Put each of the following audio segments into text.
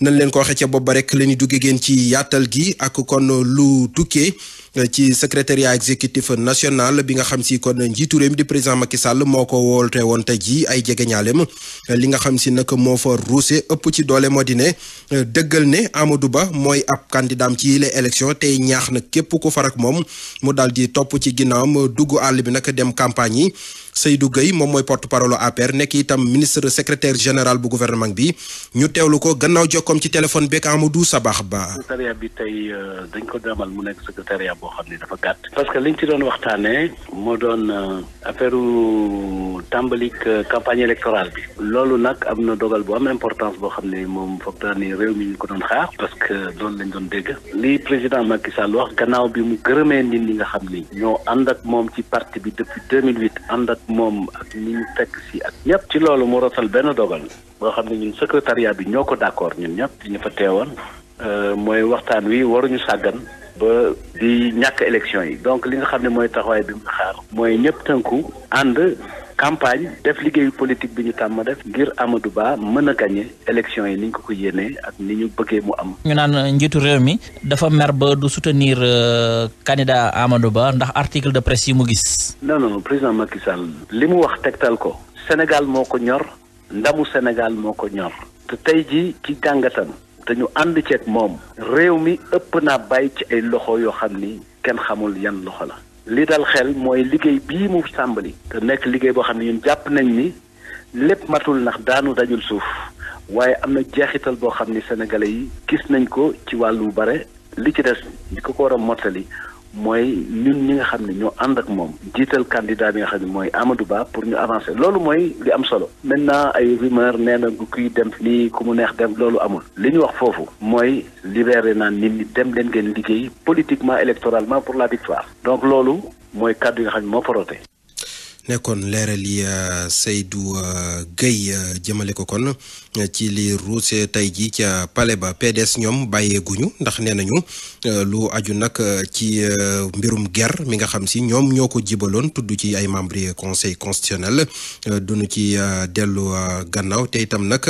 nañ leen ko waxee ca bopp rek la ñuy dugg ci yaatal gi ak kon lu tukkee ci secrétariat exécutif national bi nga xam si kon njiitu réew di président Macky Sall moo ko woolte woon tey jii ay jegeñaaleem li nga xam si nag moo fa ruuse ëpp ci doole moo di dëggal ne Amadou Ba mooy ab candidat ci yile élection tey ñaax na képp ku farak moom mu daal di topp ci ginnaawam duggu àll bi nag dem campagne yi Seydou Gueye moom mooy porte parole APR nekk itam ministre secrétaire général bu gouvernement bi ñu teewlu ko gannaaw jokkoom ci téléphone beeg Amadou Sabax Ba. secrétariat bi tey euh, dañ ko demal mu nekk secrétariat boo xam ne dafa gàtt. parce que liñ ci doon waxtaanee moo doon euh, affaire tàmbalik euh, campagne électorale bi. loolu nag am na dogal bu am importance boo xam ne moom foog naa ne réew mi ñu ko doon xaar. parce que loolu lañ doon dégg. li président Macky Sall wax gannaaw bi mu gërëmee nit ñi nga xam ni. ñoo ànd ak moom ci parti bi depuis 2008 ànd ak moom ak ñi ñu fekk si ak ñëpp ci loolu mu rotal benn dogal boo xam ne ñun secrétariat bi ñoo ko d'accord ñun ñëpp ñu fa teewoon euh, mooy waxtaan wi waruñu sàggan ba di ñàkk élection yi donc li nga xam ne mooy taxawaay bi mu xaar mooy ñëpp tënku ànd campagne def liggéeyu politique bi ñu tàmm def ngir amadu Ba mën a gagné élection yi ni ko ko yéenee ak ni ñu bëggee mu am. ñu naan njiitu réew mi dafa mer ba du soutenir euh, candidat amadu Ba ndax article de presse yi mu gis. non président Macky li mu wax tegtal ko. Sénégal moo ko ñor ndamu Sénégal moo ko ñor. te tey jii ci jàngatam. te ñu ànd ceeg moom. réew mi ëpp naa bàyyi ci ay loxo yoo xam ni kenn xamul yenn loxo la. li dal xel mooy liggéey bii mu tàmbali. te nekk liggéey boo xam ne ñun jàpp nañ ni lépp matul ndax daanu dajul suuf waaye am na jeexital boo xam ni sénégalais yi gis nañ ko ci wàllu bare li ci des ñi ko ko war a mottali mooy ñun ñi nga xam ne ñoo ànd ak moom jiital candidat bi nga xam ne mooy Amadou Ba pour ñu avancer loolu mooy li am solo maintenant ay rumeur nee na kuy dem fii ku mu neex dem loolu amul li ñu wax foofu mooy libéré naan nit ñi dem leen ngeen liggéey politiquement électoralement pour la victoire donc loolu mooy kàddu yi nga xam ne moo fa rote nekkoon leeral yi euh, Seydou euh, Guèye euh, jëmale ko kon ci li ruuse tey jii ca pale ba PDS ñoom bàyyeeguñu ndax nee nañu lu aju nag ci mbirum guerre mi nga xam si ñoom ñoo ko jibaloon tudd ci ay membres conseil constitutionnel duñu ci dellu gannaaw te itam nag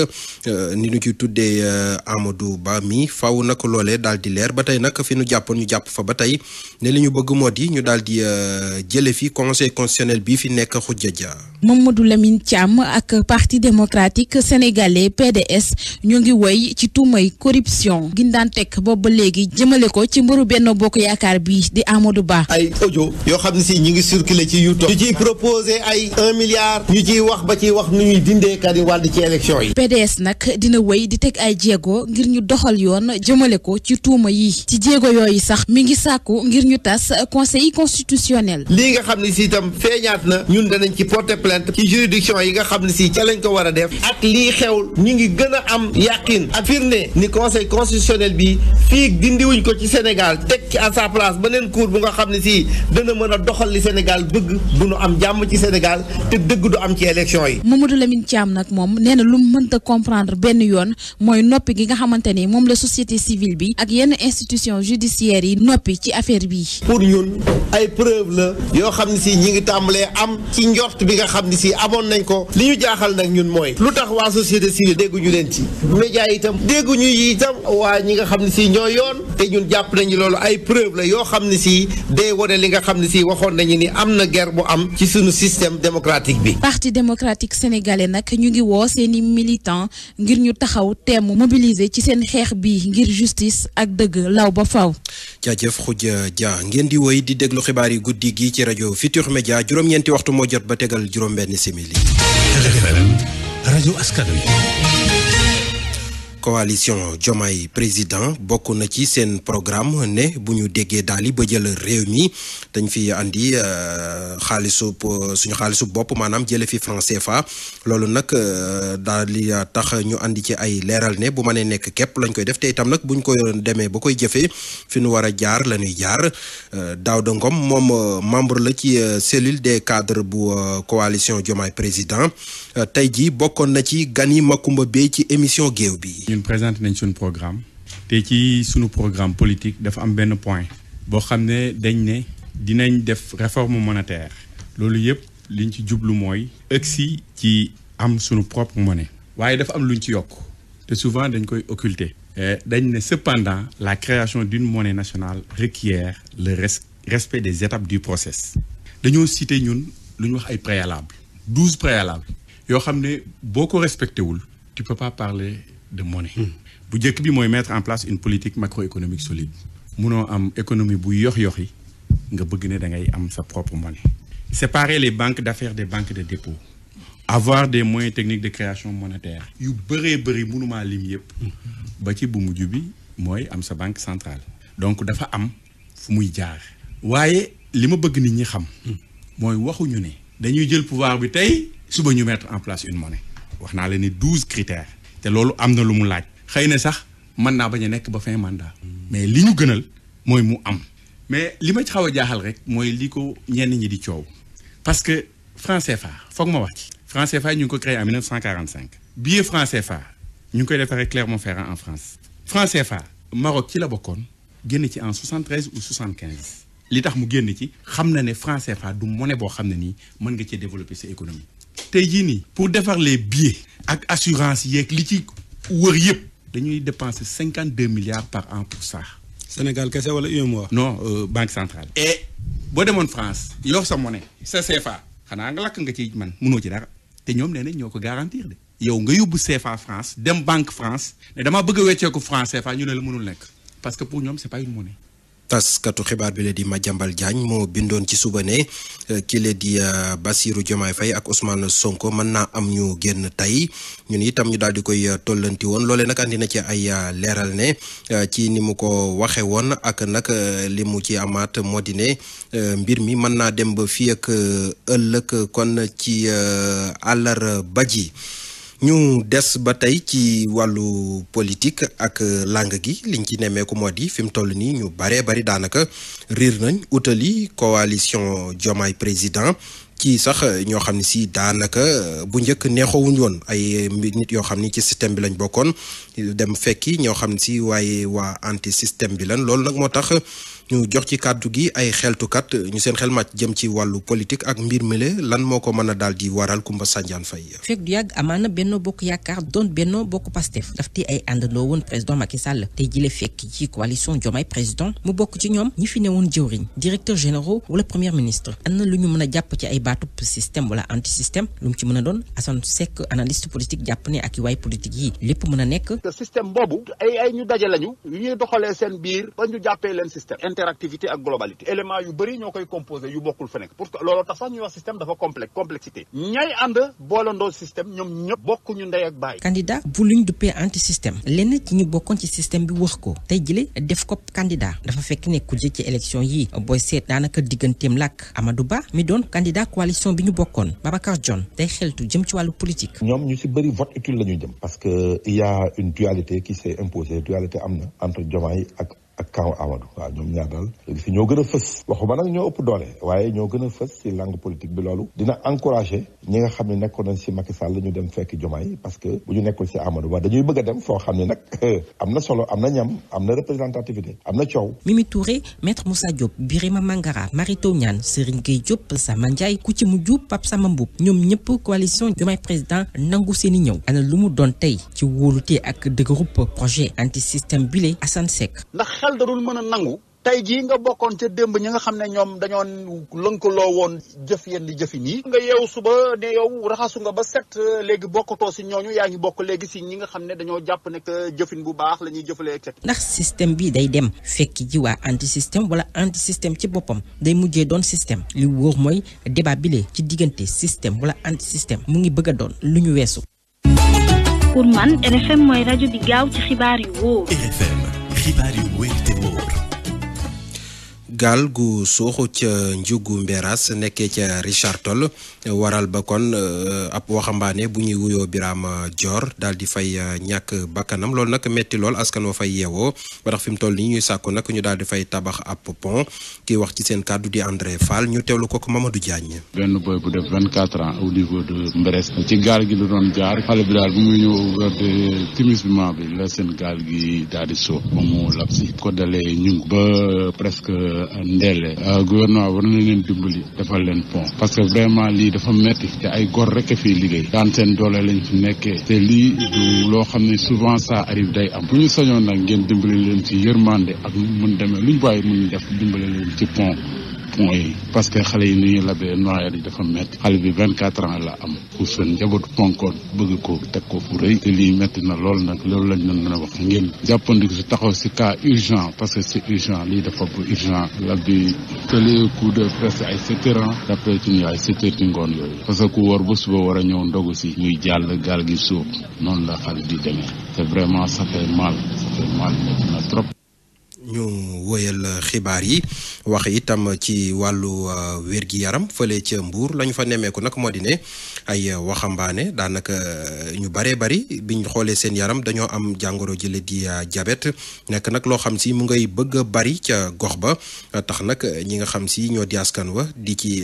ni ñu ci tuddee Amadou Ba mi faw nag loole daal di leer ba tey nag fi nu jàppoon ñu jàpp fa ba tey ne li ñu bëgg moo ñu daal jële fi conseil constitutionnel bii fi nekk nekk xujja ja Mamadou Lamine Thiam ak parti démocratique sénégalais PDS ñoo ngi woy ci tuumay corruption gindaan teg boobu ba léegi jëmale ko ci mbiru benn bokk yaakaar bi di Amadou Ba. ay audio yoo xam ne si ñu ngi circulé ci YouTube. ñu ciy proposé ay un milliard. ñu ciy wax ba ciy wax nu ñuy dindee Karim Wade ci élection yi. PDS nag dina woy di teg ay jéego ngir ñu doxal yoon jëmale ko ci tuuma yi. ci jéego yooyu sax mi ngi sàkku ngir ñu tas conseil constitutionnel. lii nga xam ne si feeñaat na. ñun danañ ci porter plainte ci juridiction yi nga xam ne si ca lañ ko war a def ak lii xew ñu ngi gën a am yàqin ak firnde ni conseil constitutionnel bi fii dindiwuñ ko ci Sénégal teg ki a sa place beneen cour bu nga xam ne si dana mën a doxal li Sénégal dëgg du nu am jàmm ci Sénégal te dëgg du am ci élection yi. Mamadou Lamine Thiam nag moom nee na lu mu mënta comprendre benn yoon mooy noppi gi nga xamante ni moom la société civile bi ak yenn institution judiciaire yi noppi ci affaire bi. pour ñun ci njort bi nga xam ni si amoon nañ ko li ñu jaaxal nag ñun mooy lu tax waa société civile ñu leen ci média itam ñu yi itam waa ñi nga xam ne si ñoo yoon te ñun jàpp nañu loolu ay preuve la yoo xam ne si day wane li nga xam ne si waxoon nañu ni am na guerre bu am ci suñu système démocratique bi. parti démocratique sénégalais nag ñu ngi woo seeni militant ngir ñu taxaw temm mobiliser ci seen xeex bi ngir justice ak dëgg law ba faaw. jaajëf Khoudia Dia ngeen di woy di déglu xibaar yi guddi gi ci rajo Futur Media juróom-ñeenti waxtu moo jot ba tegal juróom-benn simili. RFM rajo askan wi. coalition Diomaye président bokk na ci seen programme ne bu ñu déggee daal di ba jël réew mi dañ fi andi euh, xaalisu suñu xaalisu bopp maanaam jële fi franc CFA loolu nag euh, daal di tax ñu indi ci ay leeral ne bu mënee nekk képp lañ koy def te itam nag buñ ko demee ba koy jëfee fi nu war a jaar la ñuy jaar euh, Daouda Ngom moom membre la ci cellule des cadre bu coalition Diomaye président tey jii bokkoon na ci gan yi Bey ci émission géew bi. ñun présenté nañ suñu programme te ci suñu programme politique dafa am benn point boo xam ne dañ ne dinañ def réforme monétaire loolu yëpp liñ ci jublu mooy ëgsi ci am sunu propre monnaie waaye dafa am luñ ci yokk te souvent dañ koy occulter eh, dañ ne cependant la création d'une monnaie nationale requiert le respect des étapes du process dañoo cité ñun lu ñu wax ay préalables douze préalables yoo xam ne boo ko respecté wul tu peux parler de monnaie. Hmm. bu njëkk bi mooy mettre en place une politique macroéconomique solide. munoo am économie bu yox-yox yi nga bëgg ne da ngay am sa propre monnaie. séparer les banques d'affaires de banques de dépôt. avoir des moyens technique de création monétaire. yu bëree bëri munumaa lim yëpp. Hmm. ba ci bu mujj bi mooy am sa banque centrale. donc dafa am fu muy jaar. waaye li ma bëgg nit ñi xam. Hmm. mooy waxuñu ne. dañuy jël pouvoir bi tey suba ñu mettre en place une monnaie. wax naa la ni douze critères. te loolu am na lu mu laaj xëy na sax man naa bañ a nekk ba fin mandat mais li ñu gënal mooy mu am mais li ma ci xaw a jaaxal rek mooy li ko ñenn ñi di coow parce que franc fa foog ma wax ci franc fa ñu ngi ko créé en 1945 billet franc CFA ñu ngi koy defaree Clermont-Ferrand en France franc CFA Maroc ci la bokkoon génn ci en 73 ou 75 li tax mu génn ci xam na ne franc CFA du monnaie boo xam ne nii mën nga cee développer sa économie tey jii nii pour defar les billets ak assurance yeeg li ci wër yëpp dañuy dépenser cinquante deux milliards par an pour ça. Sénégal kese wala UEMOA. non euh, banque centrale. et boo demoon France yor sa monnaie sa CFA xanaa nga lakk nga ci man mënoo ci dara te ñoom nee nañ ñoo ko garantir de. yow nga yóbbu CFA France dem banque France ne damaa bëgg a wecceeku France CFA ñu ne la mënul nekk parce que pour ñoom c'est pas une monnaie. taskatu xibaar bi la di ma Madiambal Diagne moo bindoon ci suba ne euh, ki la di euh, Bassirou Diomaye Faye ak usmaan Sonko mën naa am ñu génn tey ñun itam ñu daal di koy euh, tollanti woon loole nag andi na ci ay leeral ne ci ni mu ko waxe woon ak nag li mu ci amaat moo di ne mbir mi mën naa dem ba fii ak ëllëg kon ci àllarba ji ñu des ba tey ci wàllu politique ak lang gi liñ ci nemmeeku moo di fi mu toll nii ñu baree bari daanaka riir nañ utali coalition Diomaye président ci sax ñoo xam ne si daanaka bu njëkk neexawuñ woon ay nit yoo xam ni ci système bi lañ bokkoon dem fekki ñoo xam si waaye waa anti système bi lan loolu nag moo tax. ñu jox ci kàddu gi ay xeltukat ñu seen xel màcc jëm ci wàllu politique ak mbir mile lan moo ko mën a di waral Kumba Sanjaan Faye. fekk du yàgg amaana Benno Bokk Yaakaar doon Benno Bokk Pastef daf te ay àndandoo woon président Macky Sall tey jile fekk ci coalition Diomaye président mu bokk ci ñoom ñi fi ne woon jëwriñ directeur généraux wala premier ministre am lu ñu mën a jàpp ci ay baatub système wala anti système lu ci mën a doon Assane Seck interactivité ak globalité élément yu bëri ñoo koy composé yu bokkul fa nekk pour que looloo tax sax ñuy wax système dafa complexe complexité ñay ànd boolandoo système ñoom ñëpp bokk ñu ndey ak bàyyi candidat bu luñ duppee anti système ñu bokkoon ci système bi wax ko tey jile def ko candidat dafa fekk ne ku ci élection yi booy seet daanaka digganteem làkk Amadou Ba mi doon candidat coalition bi ñu bokkoon Babacar John tey xeltu jëm ci wàllu politique ñoom ñu si bëri vote utile la ñu jëm parce que il y a une am na entre ak ak kaw Amadou waaw ñoom ñaar daal léegi si ñoo gën a fës waxuma nag ñoo ëpp doole waaye ñoo gën a fës si langue politique bi loolu dina encouragé ñi nga xam ne nekkoon nañ si Macky Sall ñu dem fekk Diomaye parce que bu ñu nekkul si Amadou Ba dañuy bëgg a dem foo xam ne nag am na solo am na ñam am na représentativité am na coow Mimi Touré maître Moussa Diop Birima Mangara Mary Teuw Niane Serigne Gueye Diop Samba Ndiaye ku ci mujj Pape Samba Mboup ñoom ñëpp coalition Diomaye président nangu seeni ñëw ana lu mu doon tey ci wóolute ak dëgërub projet anti système bile Assane Seck xel da dul mën a nangu tey jii nga bokkoon ca démb ñi nga xam ne ñoom dañoon lënkaloo woon jëf yenn jëfi nii nga yeew suba ne yow raxasu nga ba set léegi bokkatoo si ñooñu yaa ngi bokk léegi si ñi nga xam ne dañoo jàpp ne que jëfin bu baax la ñuy jëfalee teg ndax système bii day dem fekk ji waa anti système wala anti ci boppam day mujjee doon système li wóor mooy débat bile ci diggante système wala anti système mu ngi bëgg a doon lu ñu weesu pour man RFM mooy rajo xibaar yu wér gaal gu suuxu ca njugu Mberas nekkee ca Richard Toll waral ba kon euh, ab waxambaane bu ñuy wuyoo Birama joor daal di fay euh, ñàkk bakkanam loolu nak metti lool askan wa fay yeewoo ba tax fi mu toll nii ñuy sàkku nak ñu daal di fay tabax ab pont kii wax ci seen kàddu di André Fall ñu teewlu ko ko Mamadou Diagne. benn boy bu def vingt quatre ans au niveau de Mberes ci gaal gi la doon jaar xale bi daal bu muy ñëw vers bi la seen gaal gi daal di suux ba mu lab ko dalee ñu Ndelle euh, gouvernement war na ngeen dimbali defal leen pont parce que vraiment lii dafa metti te ay gor rek a liggéey daan seen doole lañ fi nekkee te lii loo xam ne souvent ça arrive day am bu ñu sañoon nag ngeen dimbali leen ci yërmande ak mun demee lu luñ bàyyi mun def dimbali leen ci pont mooy parce que xale yi ni ñu labee noyade yi dafa metti xale bi vingt quatre ans la am pour seen njabootu ponkoon bëgg ko teg ko fu rëy te lii metti na lool nag loolu lañ leen mën a wax ngeen jàppandiku si taxaw si cas urgent parce que c'est urgent lii dafa bu urgent lab bi tëlee coup de presse ay sept heures d'après ci ñu ay sept ngoon yooyu parce que ku war ba suba war a ñëw ndogu si muy jàll gaal gi suuf noonu la xale di demee te vraiment ça fait mal ça fait ñu woyal xibaar yi wax itam ci wàllu euh, wér-gi-yaram fële ca mbuur la ñu fa nemmeeku nag moo di ne ay waxambaane daanaka euh, ñu baree bari biñ xoolee seen yaram dañoo am jàngoro jële di euh, jabet nekk nag loo xam si mu ngay bëgg bari ca gox ba tax nag ñi nga xam si ñoo di askan wa di ci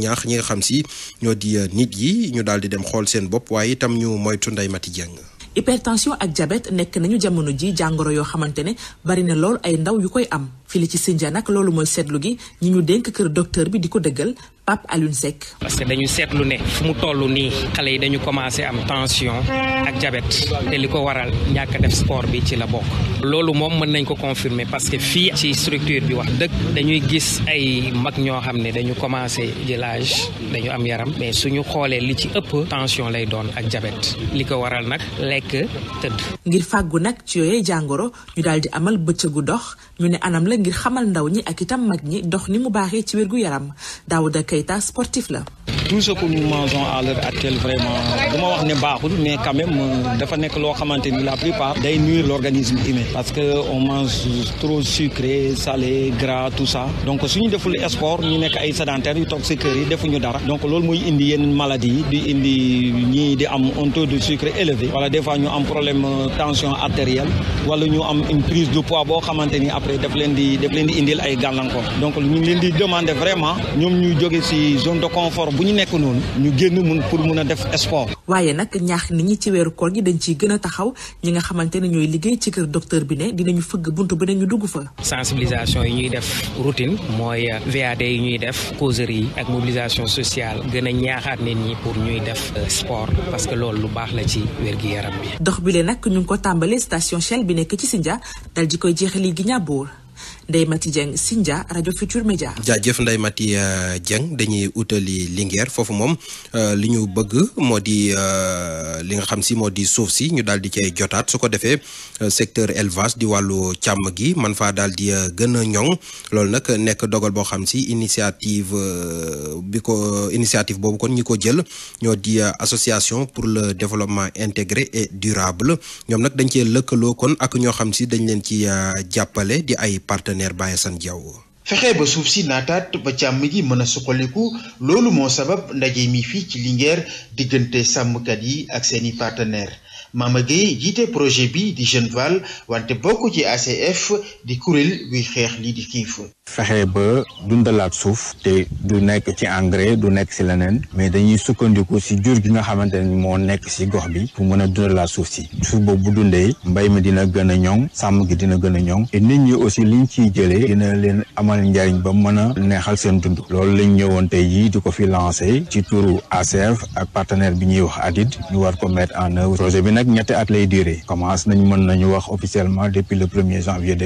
ñaax ñi nga xam si ñoo di nit yi ñu daal di dem xool seen bopp waaye itam ñu moytu Ndeye Mati Dieng hypertension ak jabet nekk nañu jamono ji jàngoro yoo xamante ne bari na lool ay ndaw yu koy am fii li ci Sindia nag loolu mooy seetlu gi ñi ñu dénk kër docteur bi di ko déggal Pape Alioune Seck. parce que dañu seetlu ne fu mu toll nii xale yi dañu commencé am tension ak jabet te li ko waral ñàkk def sport bi ci la bokk. loolu moom mën nañ ko confirmer parce que fii ci structure bi wax dëgg dañuy gis ay mag ñoo xam ne dañu commencé jëlaage dañu am yaram mais su ñu xoolee li ci ëpp tension lay doon ak jabet li ko waral nag lekk tëdd. ngir fàggu nag ci yooyee jàngoro ñu daal amal bëccëgu dox ñu ne anam la ngir xamal ndaw ñi ak itam mag ñi mu baaxee ci wér gu Keita sportif la tout ce que nous mangeons à l'heure actuelle vraiment du ma wax ne baaxul mais quand même euh, dafa nekk loo xamante ni la plupart day nuire l'organisme humain parce que on mange trop sucré salé gras tout ça donc suñu deful sport ñu nekk ay sédentaires yu toog si kër yi defuñu dara donc loolu muy indi yenn maladie di indi ñii di am un taux de sucre élevé wala des fois ñu am problème euh, tension artérielle wala ñu am une prise de poids boo xamante ni après daf leen di daf leen di indil ay gàllankoor donc nekk noonu ñu génn mun pour mun a def sport. waaye nag ñaax nit ñi ci weeru koor gi dañ ciy gën a taxaw ñi nga xamante ne ñooy liggéey ci kër docteur bi ne dinañu fëgg buntu ba ne ñu dugg fa. sensibilisation yi ñuy def routine mooy VAD yi ñuy def causerie yi ak mobilisation sociale gën a ñaaxaat nit ñi pour ñuy def euh, sport parce que loolu lu baax la ci wér gi yaram bi. dox bi le nag ñu ngi ko tàmbalee station Shell bi nekk ci Sindia dal di koy jeexalee gi ñaaboor Ndeye Mati Dieng Sindia rajo Futur Media. jaajëf Ndeye Mati euh, Dieng dañuy utali Linguère foofu moom euh, li ñu bëgg moo di euh, li nga xam si moo di suuf si ñu daal di cay jotaat su ko defee secteur élevage di wàllu càmm gi man faa daal di gën a ñoŋ loolu nag nekk dogal boo xam si initiative bi ko initiative boobu kon ñi ko jël ñoo di association pour le développement intégré et durable ñoom nag dañ cee lëkkaloo kon ak ñoo xam si dañ leen ci jàppale di ay partenaires. vétérinaire Baye San fexe ba suuf si naataat ba càmm gi mën a suqaliku loolu moo sabab ndaje mi fii ci Linguère diggante sàmmkat yi ak seeni partenaire Mama Gueye jiite projet bi di Jeune Val wante bokk ci ACF di kuréel buy xeex lii di xiif fexe ba dundalaat suuf te du nekk ci engrais du nekk ci leneen mais dañuy sukkandiku si jur gi nga xamante ne moo nekk si gox bi pour mën a dundalaat suuf si suuf boobu bu dundee mbay mi dina gën a ñoŋ sàmm gi dina gën a ñoŋ te nit ñi aussi liñ ciy jëlee dina leen amal njariñ ba mën a neexal seen dund lool lañ ñëwoon tey yii di ko fi lancé ci turu ACF e ak partenaire bi ñuy wax ADID ñu war ko mettre en œuvre projet bi nag ñetti at lay duré commence nañ mën nañu wax officiellement le premier janvier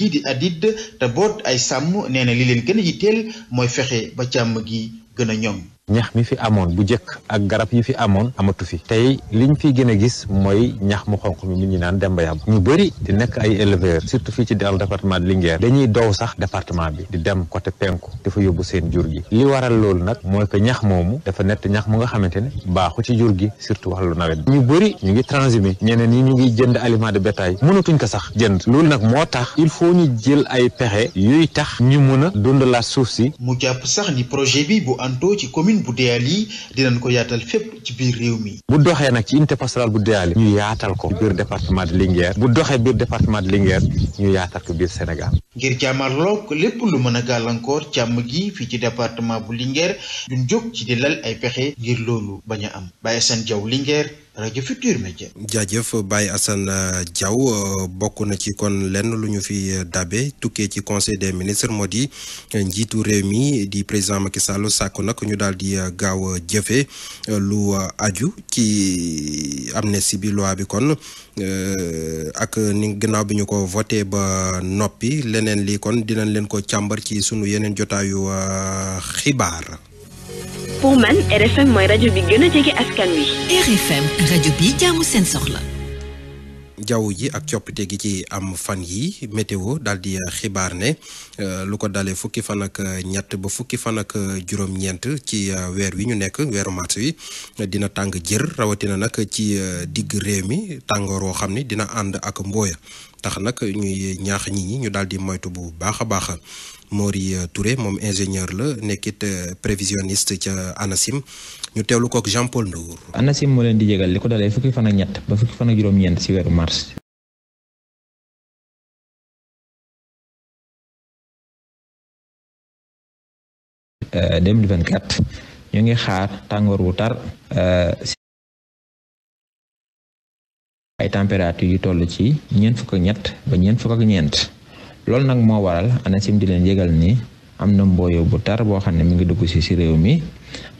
gii di adid te boot ay sàmm nee na li leen gën a yitteel mooy fexe ba càmm gi gën a ñoom ñax mi fi amoon bu jëkk ak garab yi fi amoon amatu fi tey liñ fi gën a gis mooy ñax mu xonq mi nit ñi naan demba yàbb ñu bëri di nekk ay éleveurs surtout fii ci dans le département de Linguère dañuy dow sax département bi di dem côté penku dafa yóbbu seen jur gi li waral loolu nag mooy que ñax moomu dafa nett ñax mu nga xamante ne baaxu ci jur gi surtout lu nawet ñu bëri ñu ngi transhumer ñeneen ñi ñu ngi jënd aliment de bétail mënatuñ ko sax jënd loolu nag moo tax il faut ñu jël ay pexe yuy tax ñu mën a dund la suuf si mu jàpp commune bu Deyaly dinañ ko yaatal fépp ci biir réew mi. bu doxee nag ci unité pastorale bu Deyaly ñu yaatal ko biir département de Linguère bu doxee biir département de Linguère ñu yaatal ko biir Sénégal. ngir jàmmarloog lépp lu mën a gàllankoor càmm gi fii ci département bu Linguère duñ jog ci di lal ay pexe ngir loolu bañ a am Baye seen Diaw Linguère. rajo Futur Media. jaajëf Baye Assane euh, Diaw euh, bokk na ci kon lenn lu ñu fi euh, dabe tukkee ci conseil des ministres moo di njiitu réew mi di président Macky Sall sàkku nag ñu daal di gaaw jëfe lu aju ci am ne loi bi kon ak ni gannaaw bi ñu ko voté ba noppi leneen li kon dinañ leen ko càmbar ci suñu yeneen jotaayu xibaar. pour man RFM rajo bi gën seen soxla. jaww ji ak coppite gi ci am fan yi météo daal di xibaar ne euh, lu ko dalee fukki fan euh, ñett ba fukki fan ak euh, juróom-ñeent ci weer wi ñu nekk weeru mars wi dina tàng jër rawatina nag ci digg réew mi tàngoor woo xam ni dina ànd ak mbooya tax nag ñuy ñaax nit ñi ñu daal di moytu bu baax a baax. Mori euh, Touré moom ingénieur la nekkit euh, prévisionniste ca ANACIM ñu teewlu kook Jean Paul Ndour. ANACIM moo leen di jégal li ko dalee fukki fan ñett ba fukki fan ak juróom-ñeent ci weeru mars. Uh, 2024 ñu ngi xaar tàngoor wu tar euh, ay température yu toll ci ñeent fukk ñett ba ñeent fukk ñeent loolu nag moo waral cim di leen yëgal nii am na mbooyo bu tar boo xam ne mi ngi dugg si si réew mi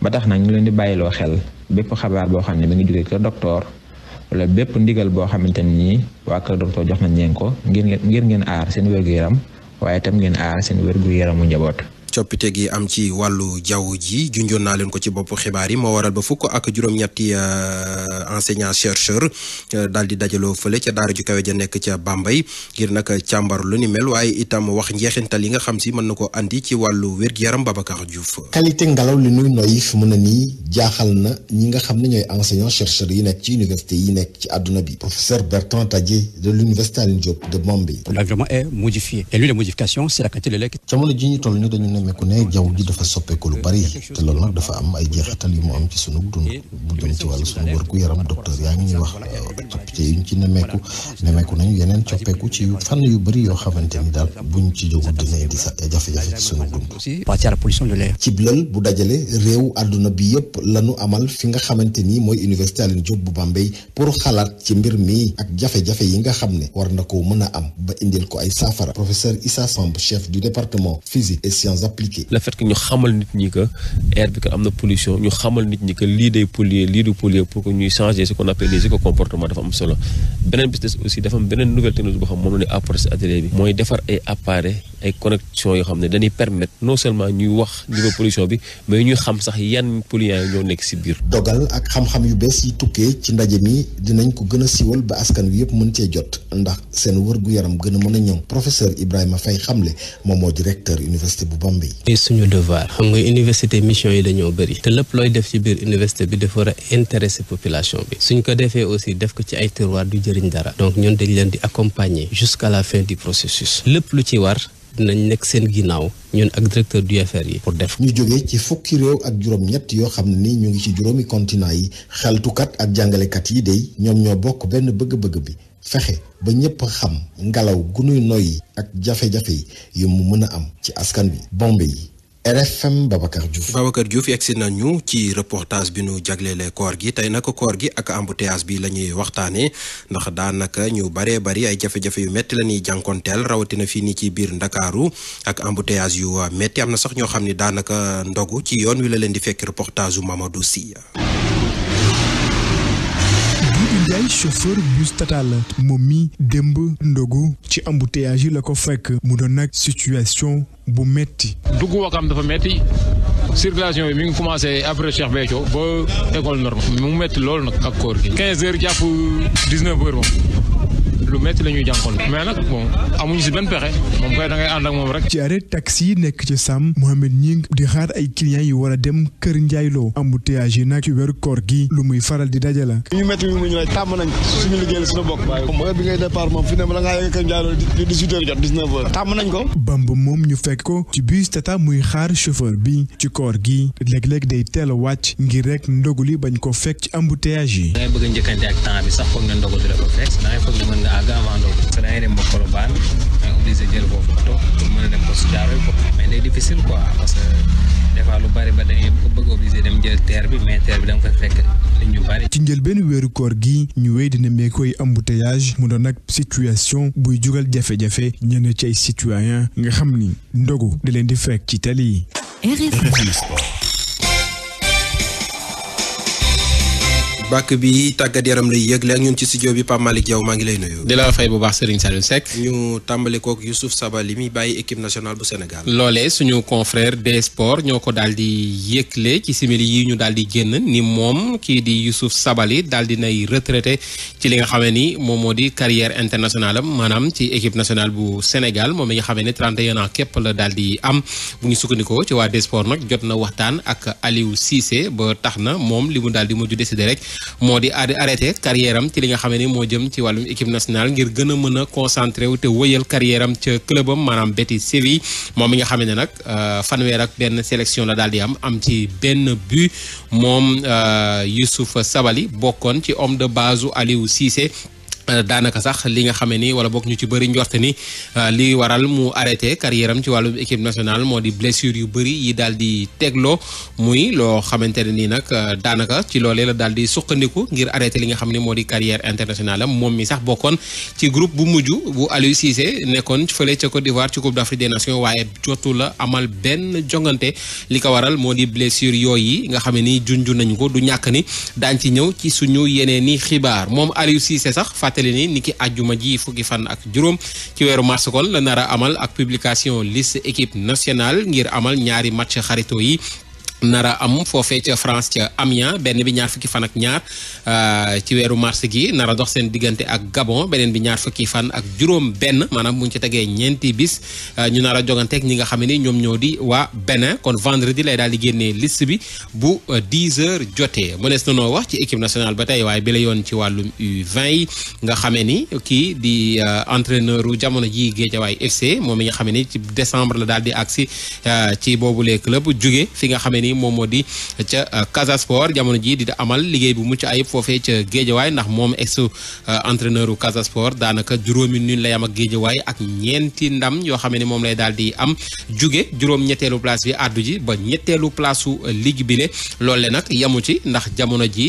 ba tax nag ñu leen di bàyyiloo xel bépp xabaar boo xam ne mi ngi jógee kër docteur wala bépp ndigal boo xamante ne nii waa kër docteur jox nañ leen ko ngir ngeen ngir ngeen aar seen wér-gu-yaram waaye itam ngeen aar seen wér-gu-yaramu njaboot. coppite gi am ci wàllu jaww ji junjoon naa leen ko ci bopp xibaar yi moo waral ba fukk ak juróom-ñetti euh, enseignant chercheur euh, dal di dajaloo fële ca daara ju kawe ja nekk ca Bambey ngir nag càmbar lu ni mel waaye itam wax njeexintal yi nga xam si mën na ko indi ci wàllu wér-gu-yaram Babacar Diouf. qualité ngelaw li nuy noyyi fi mu na nii jaaxal na ñi nga xam ne ñooy enseignant chercheur yi nekk ci université yi nekk ci àdduna bi professeur Bertrand nemmeeku ne jaww ji dafa soppeeku lu bari te loolu nag ci sunu bu jëm euh, yu bari yoo xamante ni daal buñ ci jógul dina indi sa jafe-jafe ci sunu dund. ci lël bu dajale réew àdduna bi yëpp lanu amal fi nga xamante ni mooy université Alioune Diop bu Bambey pour xalaat ci mbir mi ak jafe-jafe yi nga xam ne war na ko mën a am ba indil ko ay saafara professeur Issa chef du département physique et sciences compliqué. le fait que ñu xamal nit ñi que nit ñi que lii day polluer lii du polluer pour que ñuy changer ce qu'on appelle les éco-comportements dafa am solo beneen business aussi dafa am beneen nouvelle technologie boo xam moom la ñuy si atelier bi. mooy defar ay appareils ay connexions yoo xam ne dañuy permettre non seulement ñuy wax niveau pollution bi mais ñuy xam sax yan polluants yi ñoo nekk si biir. dogal ak xam-xam yu bees yi tukkee ci ndaje mi dinañ ko gën a siiwal ba askan wi yëpp mën cee jot ndax seen wërgu yaram gën a mën a ñëw professeur Ibrahima Faye xamle moom moo directeur université bu Bambey bi. suñu devoir xam nga université mission yi dañoo bëri te lépp looy def ci biir université bi dafa war a intéresser population bi suñ ko defee aussi def ko ci ay tiroir du jëriñ dara donc ñun dañ leen di accompagner jusqu'à la fin du processus lépp lu ci war dinañ nekk seen ginnaaw ñun ak directeur du UFR yi pour def. ñu jóge ci fukki réew ak juróom-ñett yoo xam ne ni ñu ngi ci juróomi continent yi xeltukat ak jàngalekat yi de ñoom ñoo bokk benn bëgg-bëgg bi. fexe ba ñëpp xam ngelaw gu nuy noyyi ak jafe-jafe yi mu mën a am ci askan bi bombe yi RFM Babacar Diouf. Babacar Diouf yegsi nañu ci reportage bi nu jagleele koor gi tey nag koor gi ak embouteillage bi la ñuy waxtaanee ndax daanaka ñu baree bari ay jafe-jafe yu métti la ñuy jànkonteel rawatina fii nii ci biir Ndakaaru ak embouteillage yu métti am na sax ñoo xam ni daanaka ndogu ci yoon wi la leen di fekk reportage u Mamadou Sy. Ndiaye chauffeur bus Tata la moom mi démb ndogu ci embouteillage yi la ko fekk mu doon nag situation bu metti dugg Wakam dafa metti circulation bi mi ngi commencé après Cheikh Béthio ba école normale mu metti loolu nag ak koor gi quinze heures jàpp dix-neuf lu métti la ñuy jànkoon mais nag moom amuñu si benn pexe moom kay da ngay ànd ak moom rek. ci arrêt taxi nekk ci Sam Mohamed Ñing di xaar ay clients yu war a dem Kër Ndiaye Lo embouteillage yi nag ci weeru koor gi lu muy faral di dajala. ñu métti mu tàmm nañ suñu liggéeyal suñu bokk. waaye moom fi ne ma da ngaa yegg Kër Ndiaye Lo di nañ ko. Bamba moom ñu fekk ko ci bus Tata muy xaar chauffeur bi ci koor gi léeg-léeg day teel a wàcc ngir rek ndoguli bañ ko fekk ci embouteillage yi. da ngay bëgg njëkkante ak temps bi sax foog nga ndogu di la ko fekk da ngay foog ne mën Sandaga Vendôme parce que ba Colobane dangay obligé jël foofu a dem ba su jaaroo ko mais day difficile quoi parce que des fois ba da dem jël terre bi mais bi da nga fay fekk nit ñu bari. ci njëlbéenu weeru koor gi ñu wéy dina mee koy embouteillage mu doon nag situation buy jugal jafe-jafe ñenn ci ay nga xam ni ndogu di leen di fekk ci tali yi. bàkk bi tàggat yaram lay yëgle ak ñun ci studio bi Pape Malick Diaw maa ngi lay nuyu. di la fay bu baax Serigne Saliou Seck. ñu tàmbali kook Youssouf Sabaly mi bàyyi équipe nationale bu Sénégal. loolee suñu confrère des sports ñoo ko daal di yëgle ci simili yi ñu daal di génn ni moom kii di Youssouf Sabaly daal di nay retraité ci li nga xam ne ni moom moo di carrière internationale am maanaam ci équipe nationale bu Sénégal moom mi nga xam ne ni 31 képp la daal di am bu ñu sukkandikoo ci waa des sports nag jot na waxtaan ak Aliou Cissé ba tax na moom li mu daal di mujj décider rek. moo di arrêté carrière ci li nga xam ne moo jëm ci wàllum équipe national ngir gën a mën a concentré wu te wëyal carrière ca club maanaam Betis Séville moom mi nga xam ne nag euh, fanweer ak benn sélection la daal di am am ci benn bu moom euh, Youssouf Sabali bokkoon ci homme de base Aliou Cissé. Euh, daanaka sax li nga xamee ni wala boog ñu ci bëri njorte ni euh, li waral mu arrêté carrière ci wàllu équipe nationale moo di blessure yu bëri yi daal di tegloo muy loo xamante ne nii nag euh, daanaka ci loolee la daal di sukkandiku ngir arrêté li nga xam ne moo di carrière internationale am moom mi sax bokkoon ci groupe bu mujj bu Aliou Cissé nekkoon fële ca Côte d'Ivoire ci Coupe d'Afrique des Nations waaye jotu la amal benn jongante li ko waral moo di blessure yooyu nga xam ne ni junj nañu ko du ñàkk ni fàttali ni niki àjjuma ji fukki fan ak juróom ci weeru mars kon la nar a amal ak publication liste équipe nationale ngir amal ñaari match xarito yi nara am foofee ca France ca Amiens benn bi ñaar fukki fan ak ñaar euh, ci weeru mars gi nara dox seen diggante ak Gabon beneen bi ñaar fukki fan ak juróom benn maanaam bu ñu ci tegee ñeenti bis euh, ñu nar a joganteeg ñi nga xam ne ñoom ñoo di waa Benin kon vendredi lay daal di génnee list bi bu 10 euh, heures jotee mënees na noo wax ci équipe nationale ba tey waaye bi yoon ci wàllum U20 yi nga xamee ni kii di entreneur u jamono ji Guédiawaye FC moom mi nga xam ne ci décembre la daal di agsi ci boobule club ni moom moo di ca euh, Casa jamono ji di amal liggéey bu mucc ay ayib foofee ca géejawaay ndax moom ex euh, entreneur u Casa Sport daanaka juróomi nun lay am ak géejawaay ak ñeenti ndam yoo xam ne moom lay daal di am jóge juróom ñetteelu place bi àddu ji ba ñetteelu place su euh, ligue bi le loole nag yamu ci ndax jamono ji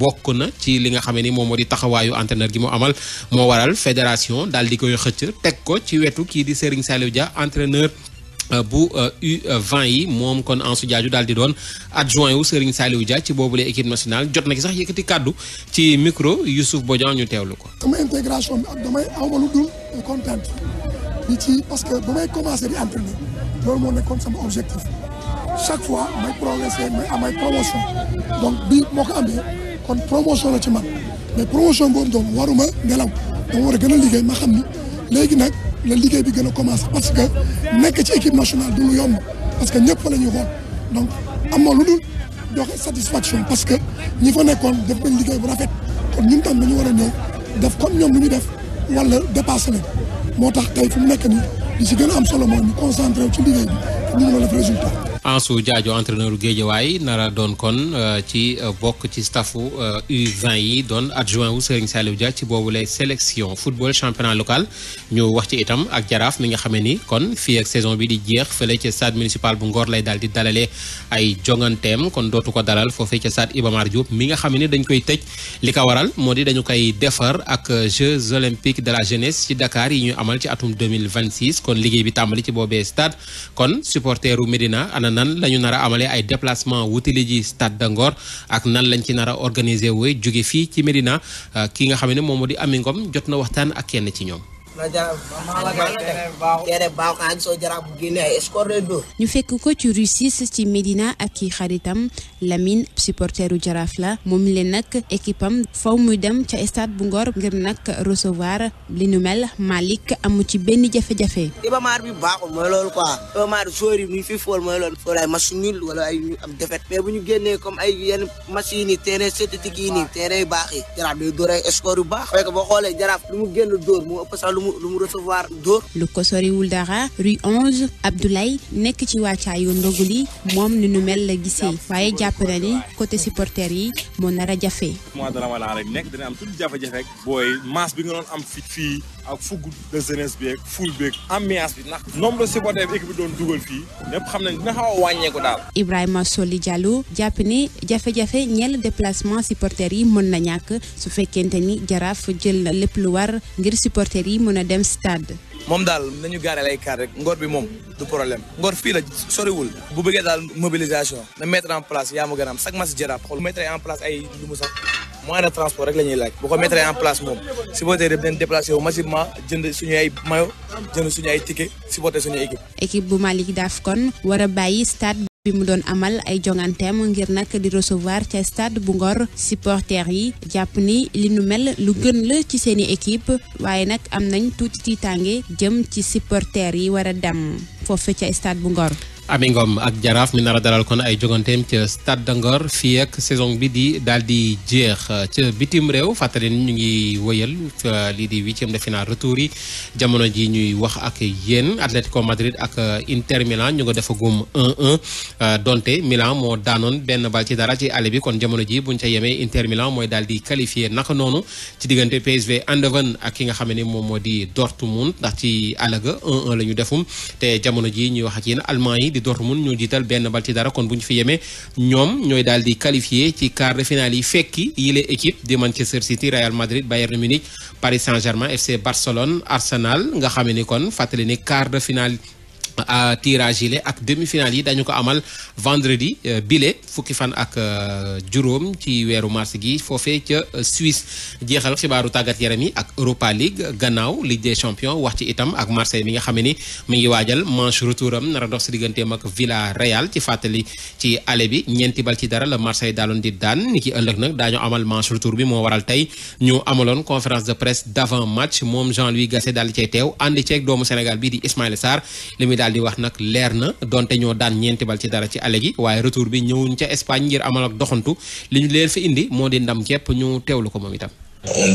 bokk na ci li nga xam ni moom moo di taxawaayu entraîneur gi mu amal moo waral fédération daal di koy xëcc teg ko ci wetu kii di Serigne Euh, bu U20 euh, yi moom kon Ansu Jaaju daal di doon adjoint wu Serigne Saliou Dia ci boobule équipe nationale jot na ki sax yëkkati kàddu ci micro Youssouf Bodian ñu teewlu ko. sama intégration bi ak damay awma lu dul parce que ba may commencé di entraîner loolu moo nekkoon sama objectif chaque fois may progresser may amay promotion donc bii moo ko amee kon promotion la ci man mais promotion boobu doon waruma nelaw dama war a gën a liggéey ma xam ni léegi nag. la liggéey bi gën a commencé parce que nekk ci équipe nationale du lu yomb parce que ñëpp fa la ñuy xool donc amoo lu dul joxe satisfaction parce que ñi fa nekkoon def nañ liggéey bu rafet kon ñun tam dañu war a ñëw def comme ñoom lu ñu def wala dépassé leen moo tax tey fu mu nekk nii li si gën a am solo moom ñu concentré wu ci liggéey bi ñu mën a def résultat. Ansu Jaajo entraîneur Guédiawaay nara doon kon euh, ci euh, bokk ci staffu euh, u yi doon adjoint wu Serigne Saliou Dia ci boobu lay sélection football championnat local ñu wax ci itam ak jaraaf mi nga xamee ni kon fii ak saison bi di jeex fële ca stade municipal bu Ngor lay daal di dalale ay jonganteem kon dootu ko dalal foofee ca stade Iba Mar mi nga xamee ni dañ koy tëj li ko waral moo di dañu koy defar ak Jeux olympiques de la jeunesse ci Dakar yi ñu amal ci atum 2026 kon liggéey bi nan la ñu nar a amalee ay déplacement wutali ji stade Dangor ak nan lañ ci nar a organiser woy jóge fii ci Médina ki nga xam ne moom moo di Ami Ngom jot na waxtaan ak kenn ci ñoom. tere baaw ka ak soo jaraaf bu génne ay score lay dóor ñu fekk ko ci rue 6 ci Médina ak ki xaritam Lamine supporteru jaraaf la moom leen nag équipe am muy dem ca stade bu Ngor ngir nag recevoir li nu mel Malick amu ci benn jafe-jafe Iba Mar bi baaxul mooy loolu quoi Iba Mar joueur yi muy fi fool mooy loolu fool ay match yi nii terrain yi nii terrain yu baax yi jaraaf day dóor ay score yu baax fekk boo xoolee jaraaf lu mu génn dóor mu ëpp sax mu lu lu ko soriwul dara rue 11 Abdoulaye nekk ci wàccaayu ndogu li moom ni nu mel la gisee waaye jàpp na ni côté supporter yi moo nara a jafe mois de ramadan rek nekk ak fougue de jeunesse bi ak foule bi ak ambiance bi ndax nombre de supporters bi équipe bi doon dugal fii ñëpp xam nañ dina xaw a wàññeeku daal. Ibrahima Soli Diallo jàpp ni jafe-jafe ñeel déplacement supporters yi mën na ñàkk su fekkente ni jaraaf jël na lépp lu war ngir supporters yi mën a dem stade. moom daal nañu gaaree ay kaar rek ngor bi moom du problème ngor fii la soriwul bu bëggee daal mobilisation na mettre en place yaa ma gën a am chaque match jaraaf xool mettre en lu mu sax. moyen de transport rek la ñuy laaj bu ko mettre en place moom supporter def leen déplacé wu massivement jënd suñu ay mayo jënd suñu ay ticket supporter suñu équipe. équipe bu Malick daaf kon war bàyyi stade bi mu doon amal ay jonganteem ngir nag di recevoir ca stade bu Ngor supporters yi jàpp ni li nu mel lu gën la ci seeni équipe waaye nag am nañ tuuti tiitaange jëm ci supporters yi war a dem foofu ca stade bu Ngor. Ami Ngom ak jaraaf mi nara a dalal kon ay joganteem ca Stade de Ngor fii ak saison bi di daal di jeex ca bitim réew fàttali ñu ngi wëyal lii di huitième de finale retour jamono ji ñuy wax ak yéen Atlético Madrid ak Inter Milan ñu nga defa góom euh, donte millan moo daanoon benn bal ci dara ci ale bi kon jamono ji buñ ca yemee Inter Milan mooy daal di qualifié naka noonu ci diggante PSV Eindhoven ak ki nga xam ne moom moo di Dortmund ndax ci àll ga 1-1 la ñu defum te jamono ji ñuy wax ak yéen Allemagne yi di Dortmund ñu jiital benn bal ci dara kon bu ñu fi yemee ñoom ñooy daal di qualifié ci quart de finale yi fekki yile équipe di Manchester City Real Madrid Bayern Munich Paris Saint-Germain FC Barcelone Arsenal nga xam ni kon fàttali ni quart de finale. tirage yi ak demi-finale yi dañu ko amal vendredi euh, bile fukki fan ak euh, juróom ci weeru mars gi foofee ca euh, Suisse jeexal xibaaru tàggat yaram yi ak Europa League gannaaw Ligue des champions wax ci itam ak Marseille bi nga xam ni mu ngi waajal manche retouram nar a dox si digganteem ak Villarreal ci fàttali ci ale bi ñeenti bal ci dara la Marseille daaloon di daan ni ki ëllëg nag daañu amal manche retour bi moo waral tey ñu amaloon conférence de presse d'avant match moom Jean-Louis Gasset daal daal wax nag leer na donte ñoo daan ñeenti bal ci dara ci ale gi waaye retour bi ñëwuñ ca Espagne ngir amal ak doxantu li ñu leen fi indi moo di ndam képp ñu teewlu ko moom itam. on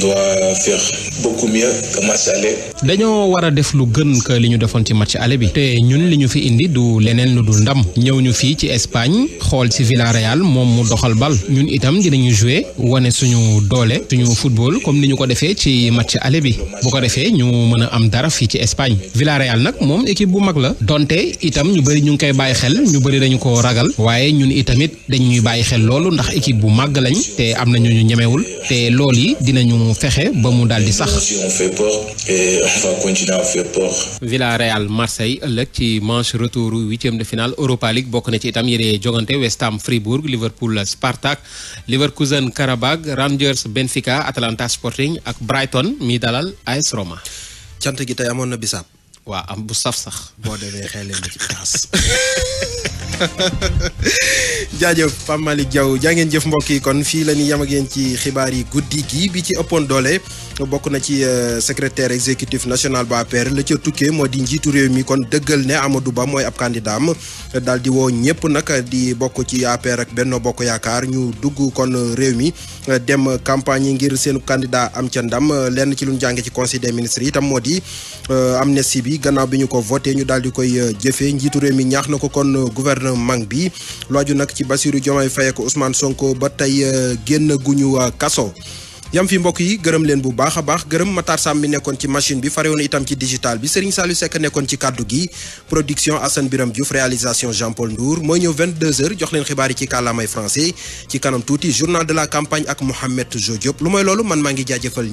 dañoo war a def lu gën que li ñu defoon ci match aller bi. te ñun li ñu fi indi du leneen lu dul ndam. ñëw ñu fii ci Espagne xool ci Villarreal moom mu doxal bal ñun itam dinañu jouer wane suñu doole suñu football comme ni ñu ko defee ci match ale bi bu ko defee ñu mën a am dara fii ci Espagne Villarreal nag moom équipe bu mag la donte itam ñu bëri ñu ngi koy bàyyi xel ñu bëri dañu ko ragal waaye ñun itamit dañuy bàyyi xel loolu ndax équipe bu mag lañu te am na ñu ñemewul dinañu fexe ba mu daal di sax. villa on fait peur et ëllëg ci manche retour huitième de finale Europa League bokk na ci itam yeneen jogante West Ham Fribourg Liverpool Spartak Leverkusen Karabag Rangers Benfica Atalanta Sporting ak Brighton mi dalal AS Roma. cant gi tey amoon na bisaab. waa am bu saf sax. boo demee xëy na ci kaas. jaajëf Pape Malick Diaw jaa ngeen jëf mbokk yi kon fii la ñuy yam ak ci xibaar yi guddi gi bi ci ëppoon doole bokk na ci euh, secrétaire exécutif national ba APR la ca tukkee moo di njiitu réew mi kon dëggal ne Amadou Ba mooy ab candidat am daal woo ñëpp nag di bokk ci APR ak Benno Bokk Yaakaar ñu dugg kon euh, réew mi euh, dem campagne yi ngir seen candidat am ca ndam lenn ci lu ñu jàngee ci conseil des ministres itam moo di amnistie bi gannaaw bi ñu ko voté a mang bi lu aju nag ci Bassirou Diomaye Faye ak Ousmane Sonko ba tey euh, génn guñu euh, kaso yam fi mbokk yi gërëm leen bu baax a baax gërëm Matar Sam mi nekkoon ci machine bi farewoon itam ci digital bi Serigne Saliou Seck nekkoon ci kàddu gi production Assane Biram Diouf réalisation Jean Paul Ndour mooy ñëw 22h jox leen xibaar yi ci kàllaamay français ci kanam tuuti journal de la campagne ak Mouhamed Jo Diop lu mooy loolu man maa ngi jaajëfal.